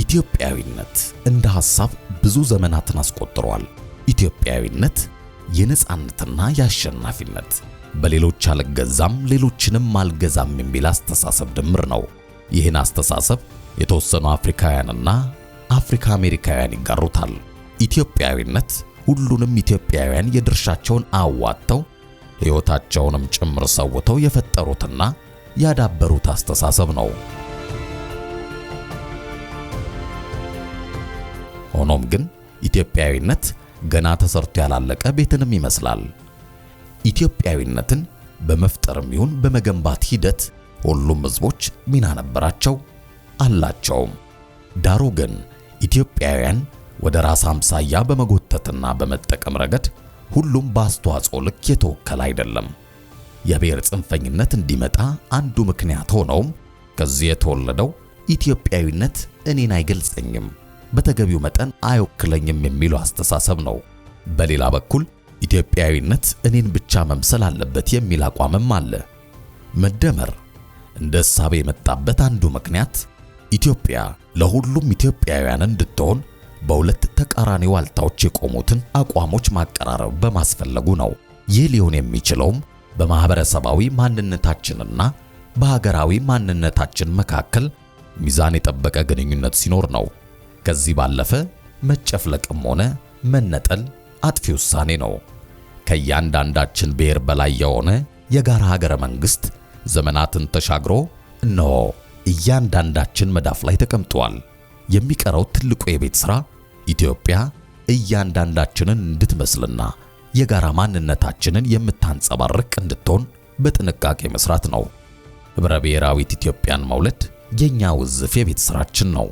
ኢትዮጵያዊነት እንደ ሐሳብ ብዙ ዘመናትን አስቆጥሯል። ኢትዮጵያዊነት የነጻነትና የአሸናፊነት በሌሎች አልገዛም ሌሎችንም አልገዛም የሚል አስተሳሰብ ድምር ነው። ይህን አስተሳሰብ የተወሰኑ አፍሪካውያንና አፍሪካ አሜሪካውያን ይጋሩታል። ኢትዮጵያዊነት ሁሉንም ኢትዮጵያውያን የድርሻቸውን አዋጥተው ሕይወታቸውንም ጭምር ሰውተው የፈጠሩትና ያዳበሩት አስተሳሰብ ነው። ሆኖም ግን ኢትዮጵያዊነት ገና ተሰርቶ ያላለቀ ቤትንም ይመስላል። ኢትዮጵያዊነትን በመፍጠርም ይሁን በመገንባት ሂደት ሁሉም ህዝቦች ሚና ነበራቸው አላቸውም። ዳሩ ግን ኢትዮጵያውያን ወደ ራስ አምሳያ በመጎተትና በመጠቀም ረገድ ሁሉም በአስተዋጽኦ ልክ የተወከለ አይደለም። የብሔር ጽንፈኝነት እንዲመጣ አንዱ ምክንያት ሆነውም ከዚህ የተወለደው ኢትዮጵያዊነት እኔን አይገልጸኝም በተገቢው መጠን አይወክለኝም የሚለው አስተሳሰብ ነው። በሌላ በኩል ኢትዮጵያዊነት እኔን ብቻ መምሰል አለበት የሚል አቋምም አለ። መደመር እንደ እሳቤ የመጣበት አንዱ ምክንያት ኢትዮጵያ ለሁሉም ኢትዮጵያውያን እንድትሆን በሁለት ተቃራኒ ዋልታዎች የቆሙትን አቋሞች ማቀራረብ በማስፈለጉ ነው። ይህ ሊሆን የሚችለውም በማህበረሰባዊ ማንነታችንና በሀገራዊ ማንነታችን መካከል ሚዛን የጠበቀ ግንኙነት ሲኖር ነው። ከዚህ ባለፈ መጨፍለቅም ሆነ መነጠል አጥፊ ውሳኔ ነው። ከእያንዳንዳችን ብሔር በላይ የሆነ የጋራ ሀገረ መንግሥት ዘመናትን ተሻግሮ እነሆ እያንዳንዳችን መዳፍ ላይ ተቀምጧል። የሚቀረው ትልቁ የቤት ሥራ ኢትዮጵያ እያንዳንዳችንን እንድትመስልና የጋራ ማንነታችንን የምታንጸባርቅ እንድትሆን በጥንቃቄ መስራት ነው። ኅብረ ብሔራዊት ኢትዮጵያን መውለድ የእኛ ውዝፍ የቤት ሥራችን ነው።